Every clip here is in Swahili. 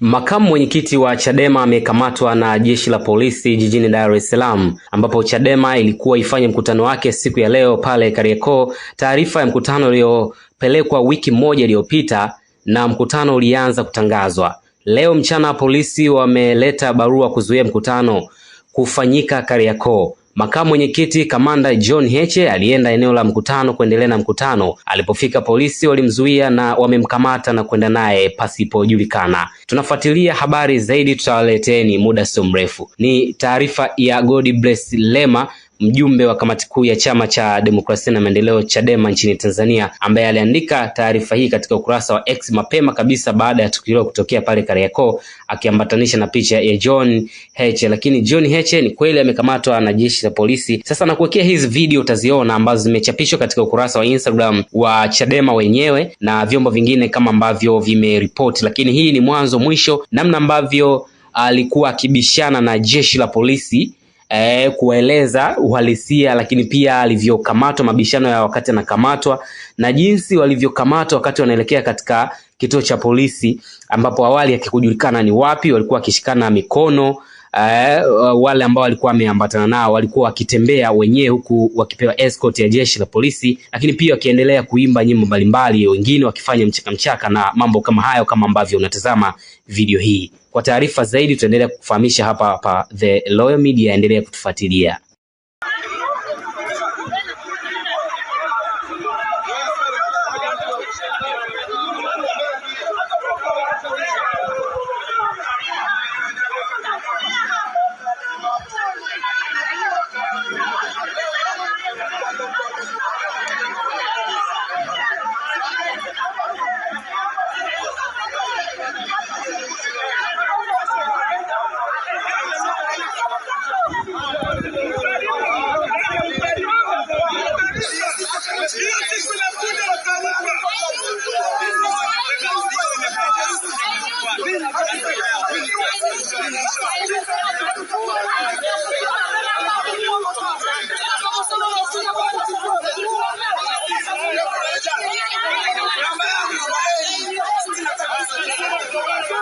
Makamu mwenyekiti wa Chadema amekamatwa na jeshi la polisi jijini Dar es Salaam, ambapo Chadema ilikuwa ifanye mkutano wake siku ya leo pale Kariakoo. Taarifa ya mkutano iliyopelekwa wiki moja iliyopita na mkutano ulianza kutangazwa leo mchana. Polisi wameleta barua kuzuia mkutano kufanyika Kariakoo. Makamu mwenyekiti kamanda John Heche alienda eneo la mkutano kuendelea na mkutano. Alipofika polisi walimzuia na wamemkamata na kwenda naye pasipojulikana. Tunafuatilia habari zaidi, tutawaleteni muda sio mrefu. Ni taarifa ya God Bless Lema mjumbe wa kamati kuu ya chama cha demokrasia na maendeleo Chadema nchini Tanzania, ambaye aliandika taarifa hii katika ukurasa wa X mapema kabisa baada ya tukio kutokea pale Kariakoo, akiambatanisha na picha ya John Heche. Lakini John Heche ni kweli amekamatwa na jeshi la polisi. Sasa nakuwekea hizi video utaziona, ambazo zimechapishwa katika ukurasa wa Instagram wa Chadema wenyewe na vyombo vingine kama ambavyo vimeripoti, lakini hii ni mwanzo mwisho, namna ambavyo alikuwa akibishana na jeshi la polisi eh, kueleza uhalisia, lakini pia alivyokamatwa, mabishano ya wakati anakamatwa na jinsi walivyokamatwa wakati wanaelekea katika kituo cha polisi, ambapo awali akikujulikana ni wapi, walikuwa wakishikana mikono uh, wale ambao walikuwa wameambatana nao walikuwa wakitembea wenyewe huku wakipewa escort ya jeshi la polisi, lakini pia wakiendelea kuimba nyimbo mbalimbali, wengine wakifanya mchaka mchaka na mambo kama hayo, kama ambavyo unatazama video hii. Kwa taarifa zaidi, tutaendelea kukufahamisha hapa hapa The Loyal Media, endelea kutufuatilia.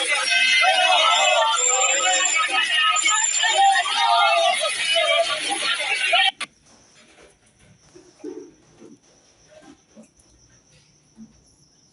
Thank you.